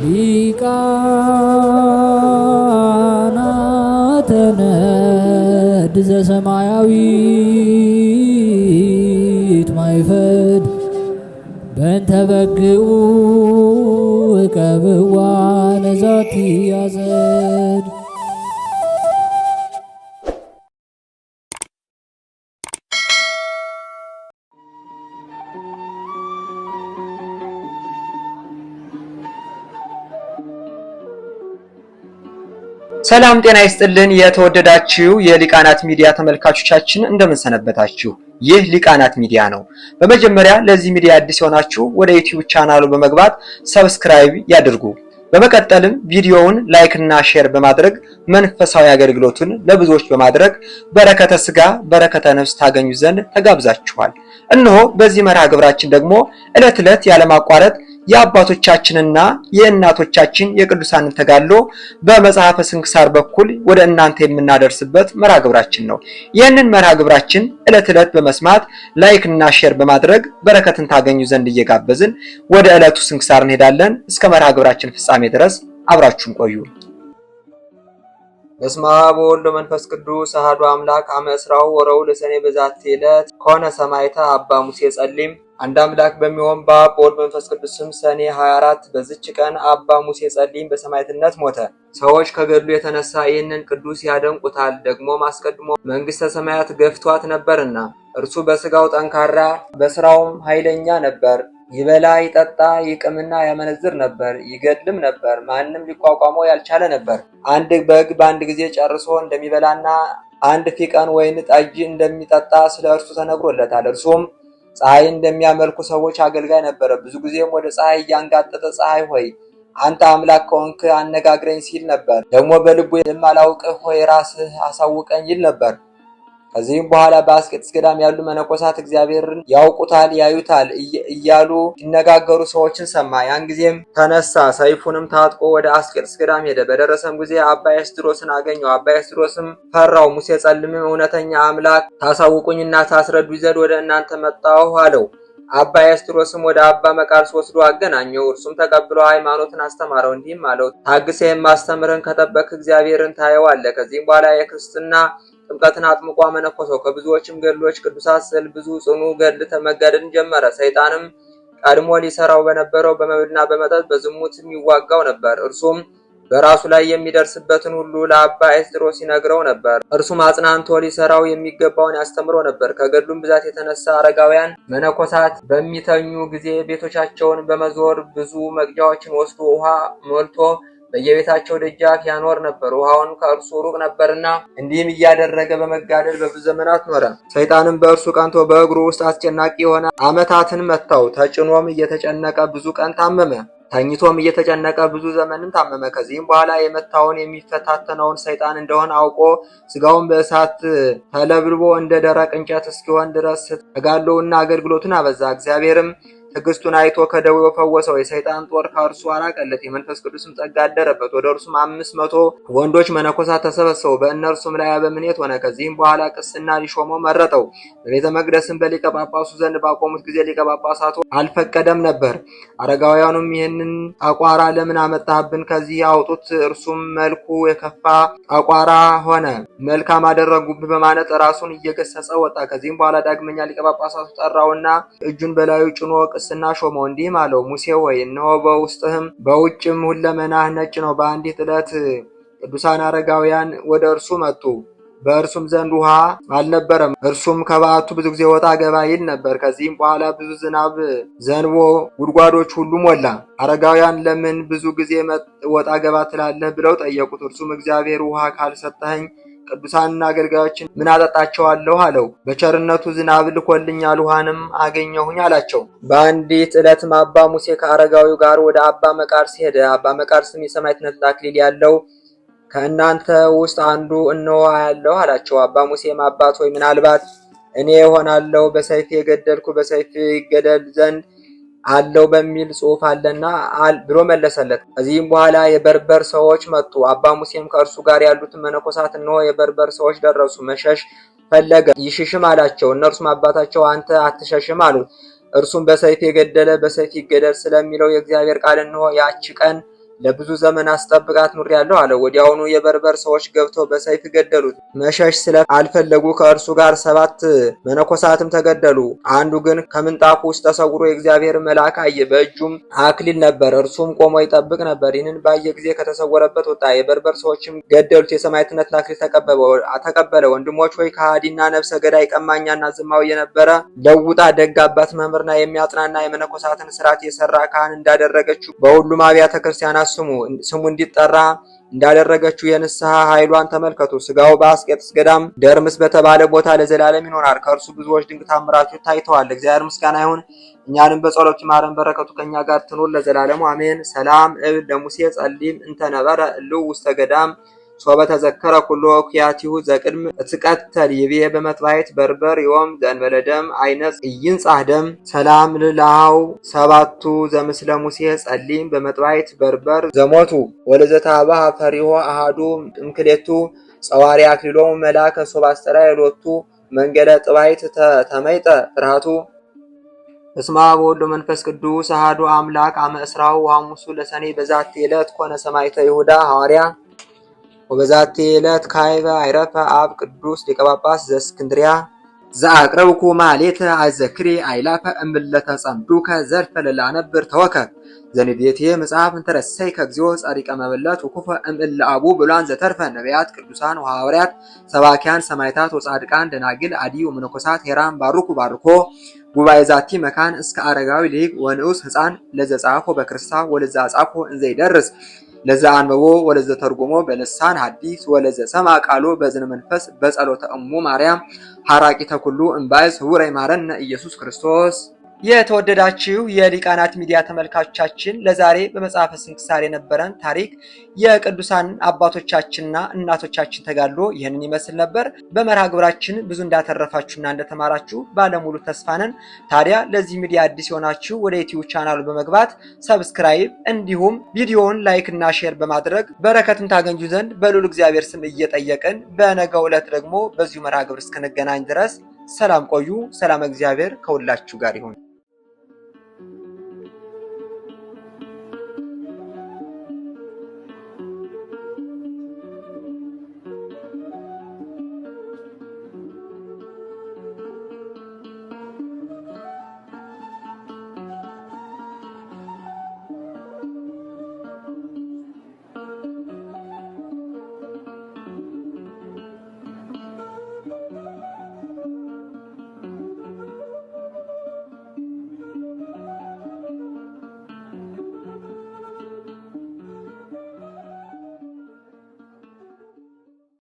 ሊቃናተ ነድ ዘሰማያዊት ማይፈድ በእንተ በግዑ እቀብዋ ነዛቲ ያዘን ሰላም ጤና ይስጥልን። የተወደዳችሁ የሊቃናት ሚዲያ ተመልካቾቻችን እንደምን ሰነበታችሁ? ይህ ሊቃናት ሚዲያ ነው። በመጀመሪያ ለዚህ ሚዲያ አዲስ የሆናችሁ ወደ ዩቲዩብ ቻናሉ በመግባት ሰብስክራይብ ያድርጉ። በመቀጠልም ቪዲዮውን ላይክ እና ሼር በማድረግ መንፈሳዊ አገልግሎቱን ለብዙዎች በማድረግ በረከተ ስጋ በረከተ ነፍስ ታገኙ ዘንድ ተጋብዛችኋል። እነሆ በዚህ መርሃ ግብራችን ደግሞ ዕለት ዕለት ያለማቋረጥ የአባቶቻችንና የእናቶቻችን የቅዱሳንን ተጋድሎ በመጽሐፈ ስንክሳር በኩል ወደ እናንተ የምናደርስበት መርሃ ግብራችን ነው። ይህንን መርሃ ግብራችን ዕለት ዕለት በመስማት ላይክና ሼር በማድረግ በረከትን ታገኙ ዘንድ እየጋበዝን ወደ ዕለቱ ስንክሳር እንሄዳለን። እስከ መርሃ ግብራችን ፍጻሜ ድረስ አብራችሁን ቆዩ። በስመ አብ ወወልድ ወመንፈስ ቅዱስ አሐዱ አምላክ አመ ወረው ወረቡዕ ለሰኔ በዛቲ ዕለት ኮነ ሰማዕተ አባ ሙሴ ጸሊም። አንድ አምላክ በሚሆን በአብ በወልድ መንፈስ ቅዱስ ስም ሰኔ 24 በዚች ቀን አባ ሙሴ ጸሊም በሰማዕትነት ሞተ። ሰዎች ከገድሉ የተነሳ ይህንን ቅዱስ ያደንቁታል። ደግሞም አስቀድሞ መንግሥተ ሰማያት ገፍቷት ነበርና እርሱ በስጋው ጠንካራ፣ በስራውም ኃይለኛ ነበር። ይበላ ይጠጣ ይቅምና ያመነዝር ነበር፣ ይገድልም ነበር። ማንም ሊቋቋመው ያልቻለ ነበር። አንድ በግ በአንድ ጊዜ ጨርሶ እንደሚበላና አንድ ፊቀን ወይን ጠጅ እንደሚጠጣ ስለ እርሱ ተነግሮለታል። እርሱም ፀሐይ እንደሚያመልኩ ሰዎች አገልጋይ ነበረ። ብዙ ጊዜም ወደ ፀሐይ እያንጋጠጠ ፀሐይ ሆይ አንተ አምላክ ከሆንክ አነጋግረኝ ሲል ነበር። ደግሞ በልቡ የማላውቅህ ሆይ ራስህ አሳውቀኝ ይል ነበር። ከዚህም በኋላ በአስቄጥስ ገዳም ያሉ መነኮሳት እግዚአብሔርን ያውቁታል፣ ያዩታል እያሉ ይነጋገሩ ሰዎችን ሰማ። ያን ጊዜም ተነሳ፣ ሰይፉንም ታጥቆ ወደ አስቄጥስ ገዳም ሄደ። በደረሰም ጊዜ አባ ኤስድሮስን አገኘው። አባ ኤስድሮስም ፈራው። ሙሴ ጸልምም እውነተኛ አምላክ ታሳውቁኝና ታስረዱ ዘንድ ወደ እናንተ መጣሁ አለው። አባ ኤስድሮስም ወደ አባ መቃርስ ወስዶ አገናኘው። እርሱም ተቀብሎ ሃይማኖትን አስተማረው። እንዲህም አለው፣ ታግሰ የማስተምርህን ከጠበቅ እግዚአብሔርን ታየዋለህ። ከዚህም በኋላ የክርስትና ጥምቀትን አጥምቆ አመነኮሰው። ከብዙዎችም ገድሎች ቅዱሳት ስል ብዙ ጽኑ ገድል ተመገድን ጀመረ። ሰይጣንም ቀድሞ ሊሰራው በነበረው በመብልና በመጠጥ በዝሙት የሚዋጋው ነበር። እርሱም በራሱ ላይ የሚደርስበትን ሁሉ ለአባ ኤስድሮስ ይነግረው ነበር። እርሱም አጽናንቶ ሊሰራው የሚገባውን ያስተምረው ነበር። ከገድሉም ብዛት የተነሳ አረጋውያን መነኮሳት በሚተኙ ጊዜ ቤቶቻቸውን በመዞር ብዙ መቅጃዎችን ወስዶ ውሃ ሞልቶ በየቤታቸው ደጃፍ ያኖር ነበር፣ ውሃውን ከእርሱ ሩቅ ነበርና። እንዲህም እያደረገ በመጋደል በብዙ ዘመናት ኖረ። ሰይጣንም በእርሱ ቀንቶ በእግሩ ውስጥ አስጨናቂ የሆነ ዓመታትን መታው። ተጭኖም እየተጨነቀ ብዙ ቀን ታመመ። ተኝቶም እየተጨነቀ ብዙ ዘመንም ታመመ። ከዚህም በኋላ የመታውን የሚፈታተነውን ሰይጣን እንደሆነ አውቆ ስጋውን በእሳት ተለብልቦ እንደ ደረቅ እንጨት እስኪሆን ድረስ ተጋድሎውና አገልግሎቱን አበዛ። እግዚአብሔርም ትዕግስቱን አይቶ ከደዌው ፈወሰው። የሰይጣን ጦር ከእርሱ አራቀለት፣ የመንፈስ ቅዱስም ጸጋ አደረበት። ወደ እርሱም አምስት መቶ ወንዶች መነኮሳት ተሰበሰቡ። በእነርሱም ላይ አበምኔት ሆነ። ከዚህም በኋላ ቅስና ሊሾመው መረጠው። በቤተ መቅደስም በሊቀ ጳጳሱ ዘንድ ባቆሙት ጊዜ ሊቀ ጳጳሳቱ አልፈቀደም ነበር። አረጋውያኑም ይህንን አቋራ ለምን አመጣህብን? ከዚህ አውጡት። እርሱም መልኩ የከፋ አቋራ ሆነ፣ መልካም አደረጉብህ በማለት ራሱን እየገሰጸ ወጣ። ከዚህም በኋላ ዳግመኛ ሊቀ ጳጳሳቱ ጠራውና እጁን በላዩ ጭኖ ቅስ ቅስና ሾመው እንዲህም አለው፣ ሙሴ ወይ እነሆ በውስጥህም በውጭም ሁለመናህ ነጭ ነው። በአንዲት ዕለት ቅዱሳን አረጋውያን ወደ እርሱ መጡ። በእርሱም ዘንድ ውሃ አልነበረም። እርሱም ከበዓቱ ብዙ ጊዜ ወጣ ገባ ይል ነበር። ከዚህም በኋላ ብዙ ዝናብ ዘንቦ ጉድጓዶች ሁሉ ሞላ። አረጋውያን ለምን ብዙ ጊዜ ወጣ ገባ ትላለህ ብለው ጠየቁት። እርሱም እግዚአብሔር ውሃ ካልሰጠኸኝ ቅዱሳንና አገልጋዮችን ምን አጠጣቸዋለሁ አለው። በቸርነቱ ዝናብ ልኮልኛል፣ ውሃንም አገኘሁኝ አላቸው። በአንዲት ዕለትም አባ ሙሴ ከአረጋዊው ጋር ወደ አባ መቃርስ ሄደ። አባ መቃርስም የሰማዕትነት አክሊል ያለው ከእናንተ ውስጥ አንዱ እነሆ ያለው አላቸው። አባ ሙሴም አባት ሆይ ምናልባት እኔ እሆናለሁ በሰይፍ የገደልኩ በሰይፍ ይገደል ዘንድ አለው በሚል ጽሑፍ አለና ብሎ መለሰለት። ከዚህም በኋላ የበርበር ሰዎች መጡ። አባ ሙሴም ከእርሱ ጋር ያሉትን መነኮሳት እነሆ የበርበር ሰዎች ደረሱ፣ መሸሽ ፈለገ፣ ይሽሽም አላቸው። እነርሱም አባታቸው አንተ አትሸሽም አሉት። እርሱም በሰይፍ የገደለ በሰይፍ ይገደል ስለሚለው የእግዚአብሔር ቃል እነሆ ያች ቀን ለብዙ ዘመን አስጠብቃት ያለው አለ። ወዲያውኑ የበርበር ሰዎች ገብተው በሰይፍ ገደሉት። መሸሽ ስለ አልፈለጉ ከእርሱ ጋር ሰባት መነኮሳትም ተገደሉ። አንዱ ግን ከምንጣፉ ውስጥ ተሰውሮ የእግዚአብሔር መልአክ አየ። በእጁም አክሊል ነበር፣ እርሱም ቆሞ ይጠብቅ ነበር። ይህንን ባየ ጊዜ ከተሰወረበት ወጣ። የበርበር ሰዎችም ገደሉት። የሰማዕትነትን አክሊል ተቀበለ። ወንድሞች ወይ ከሃዲና ነፍሰ ገዳይ ቀማኛና ዝማዊ የነበረ ለውጣ ደግ አባት መምህርና የሚያጽናና የመነኮሳትን ስርዓት የሰራ ካህን እንዳደረገችው በሁሉም አብያተ ክርስቲያናት ስሙ ስሙ እንዲጠራ እንዳደረገችው የንስሐ ኃይሏን ተመልከቱ። ስጋው በአስቄጥስ ገዳም ደርምስ በተባለ ቦታ ለዘላለም ይኖራል። ከእርሱ ብዙዎች ድንቅ ታምራቶች ታይተዋል። እግዚአብሔር ምስጋና ይሁን። እኛንም በጸሎት ማረን በረከቱ ከኛ ጋር ትኑር ለዘላለሙ አሜን። ሰላም እብል ለሙሴ ጸሊም እንተነበረ እልው ውስተ ገዳም ሶበ ተዘከረ ኩሎ ኩያቲሁ ዘቅድም እትቀተል ይቤ በመጥባይት በርበር ዮም ዘንበለ ደም አይነጽ ኢይንጻህ ደም ሰላም ልልሃው ሰባቱ ዘምስለ ሙሴ ጸሊም በመጥባይት በርበር ዘሞቱ ወለዘታባ ፈሪሆ አሃዱ እምክሌቱ ጸዋሪ አክሊሎም መላከ ሶባ አስተራ የሎቱ መንገደ ጥባይት ተመይጠ ፍርሃቱ እስማ በወልድ መንፈስ ቅዱስ አሃዱ አምላክ አመ እስራው ለሰኔ በዛቲ ዕለት ኮነ ሰማዕተ ይሁዳ ሐዋርያ ወበዛቲ ዕለት ካይበ አይረፈ አብ ቅዱስ ሊቀ ጳጳስ ዘእስክንድርያ ዘአቅረብኩ ማሌተ አዘክሬ አይላፈ እምለተ ጸምዱከ ዘልፈ ለላነብር ተወከብ ዘንዴቴ መጽሐፍ እንተረሰይ ከእግዚኦ ጻድቀ መበለት ወኩፈ እምእለ አቡ ብሏን ዘተርፈ ነቢያት ቅዱሳን ወሐዋርያት ሰባኪያን ሰማይታት ወጻድቃን ደናግል አዲው መነኮሳት ሄራን ባርኩ ባርኮ ጉባኤ ዛቲ መካን እስከ አረጋዊ ሊቅ ወንዑስ ሕፃን ለዘጻፎ በክርስታ ወለዛ ጻፎ እንዘይደርስ ለዛ አንበቦ ወለዘ ተርጎሞ በልሳን ሐዲስ ወለዘ ሰማ ቃሎ በዝነ መንፈስ በጸሎተ እሙ ማርያም ሐራቂ ተኩሉ እምባይስ ህውራይ ማረነ ኢየሱስ ክርስቶስ የተወደዳችሁ የሊቃናት ሚዲያ ተመልካቾቻችን ለዛሬ በመጽሐፈ ስንክሳር የነበረን ታሪክ የቅዱሳን አባቶቻችንና እናቶቻችን ተጋድሎ ይህንን ይመስል ነበር። በመርሃ ግብራችን ብዙ እንዳተረፋችሁና እንደተማራችሁ ባለሙሉ ተስፋነን። ታዲያ ለዚህ ሚዲያ አዲስ የሆናችሁ ወደ ዩቲዩብ ቻናሉ በመግባት ሰብስክራይብ፣ እንዲሁም ቪዲዮውን ላይክ እና ሼር በማድረግ በረከትን ታገኙ ዘንድ በልዑል እግዚአብሔር ስም እየጠየቅን በነገው ዕለት ደግሞ በዚሁ መርሃ ግብር እስክንገናኝ ድረስ ሰላም ቆዩ። ሰላም እግዚአብሔር ከሁላችሁ ጋር ይሁን።